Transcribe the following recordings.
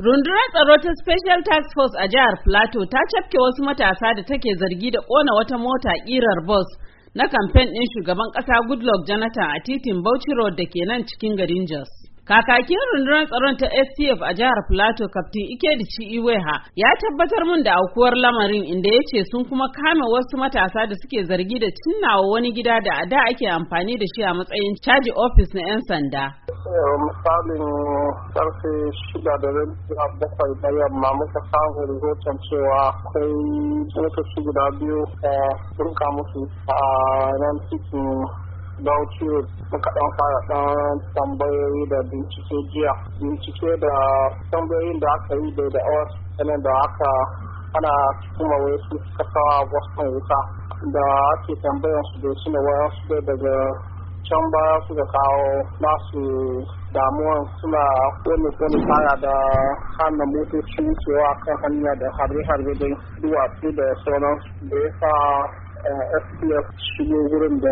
Rundunar tsaro ta Special Task Force a jihar Plateau ta cafke wasu matasa da take zargi da kona wata mota kirar bus na kamfen ɗin shugaban ƙasa Goodluck Jonathan a titin Bauchi Road da ke nan cikin garin Jos. Kakakin rundunar tsaron ta STF a jihar Plateau Kaftin Ikedici Iweha ya tabbatar mun da aukuwar lamarin inda ya ce sun kuma kame wasu matasa da suke zargi da cinnawa wani gida da a da ake amfani da shi a matsayin caji ofis na 'yan sanda. misalin karfe shida da zuwa bakwai na yamma muka samu rahoton cewa akwai motoci guda biyu a turka musu a nan cikin bauchi muka dan fara dan tambayoyi da bincike jiya bincike da tambayoyin da aka yi da da sanar da aka ana kuma wai su kasawa wasu wuta da ake tambayar su da suna wayan su daga can baya suka kawo masu damuwan suna wani wani fara da hana motoci cewa kan hanya da harbe-harbe dai duwatsu da sauran da ya sa SPS shigo wurin da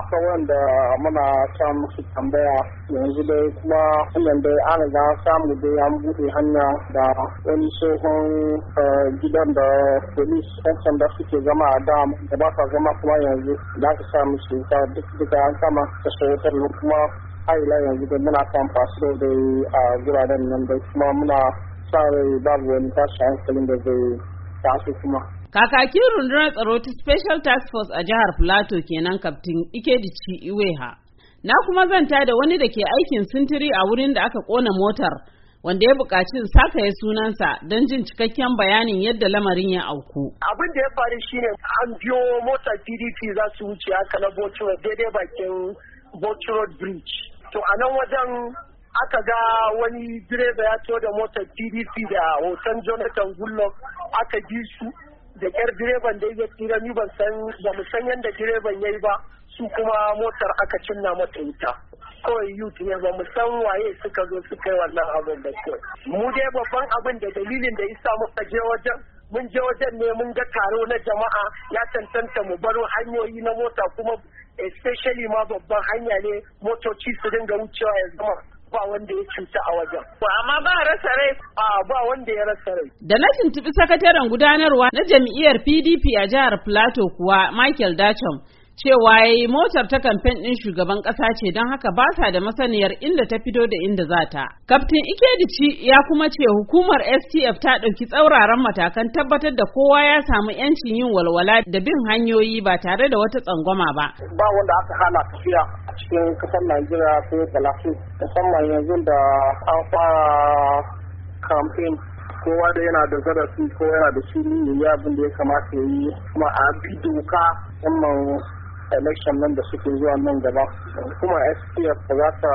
akwai wanda muna sa musu tambaya yanzu dai kuma wannan dai an riga samu dai an buɗe hanya da wani tsohon eh, gidan da polis ɗan sanda suke zama a dam da ba sa zama kuma yanzu da aka sa musu duk duka an kama da sautar kuma haila yanzu da muna kan fasu da a guraren nan da kuma muna sa rai babu wani tashi hankalin da zai tashi kuma. Kakakin rundunar tsaro ta Special Task Force a jihar Plateau kenan Kaftin Ikedici Iweha. Na kuma zanta da wani da ke aikin sintiri a wurin da aka kona motar wanda ya buƙaci sakaye sunansa don jin cikakken bayanin yadda lamarin ya auku. Abin da ya faru shine an biyo motar PDP za su wuce haka na Botro daidai bakin Botro Bridge. To a nan wajen aka ga wani direba ya to da motar PDP da hoton Jonathan gullock aka bi su da kyar direban da ya tsira ni ban san ba mu san yadda direban ya yi ba su kuma motar aka cinna mata wuta kawai yuti ne ba mu san waye suka zo suka yi wannan abin da ke mu dai babban abin da dalilin da ya mu muka je wajen mun je wajen ne mun ga taro na jama'a ya tantanta mu baro hanyoyi na mota kuma especially ma babban hanya ne motoci su dinga wucewa ya zama ba wanda ya cuta a wajen. Amma ba rasa rai ba wanda ya rasa rai. Da na tuntuɓi sakataren gudanarwa na jam'iyyar PDP a jihar Plateau kuwa Michael Dachon. cewa yayi motar ta kamfen ɗin shugaban ƙasa ce don haka ba sa da masaniyar inda ta fito da inda za ta. Kaftin Ikedici ya kuma ce hukumar STF ta ɗauki tsauraran matakan tabbatar da kowa ya samu 'yancin yin walwala da bin hanyoyi ba tare da wata tsangwama ba. Ba wanda aka hana tafiya a cikin kasar Najeriya ko Balafi musamman yanzu da an fara kamfen kowa da yana da zarafi kowa yana da shi abin da ya kamata ya yi kuma a bi doka musamman election nan da suke zuwa nan gaba kuma spf za ta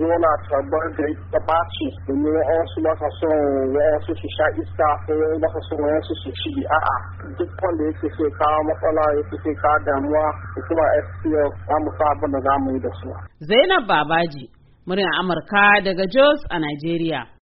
zona tabbar da ta ɓaci domin wasu ba sa son wasu su sha iska ko ba sa son wasu su ci a'a duk wanda yake so kawo matsala yake so kawo damuwa kuma spf za mu sa abin da za mu yi da su. zainab babaji muryar amurka daga jos a nigeria.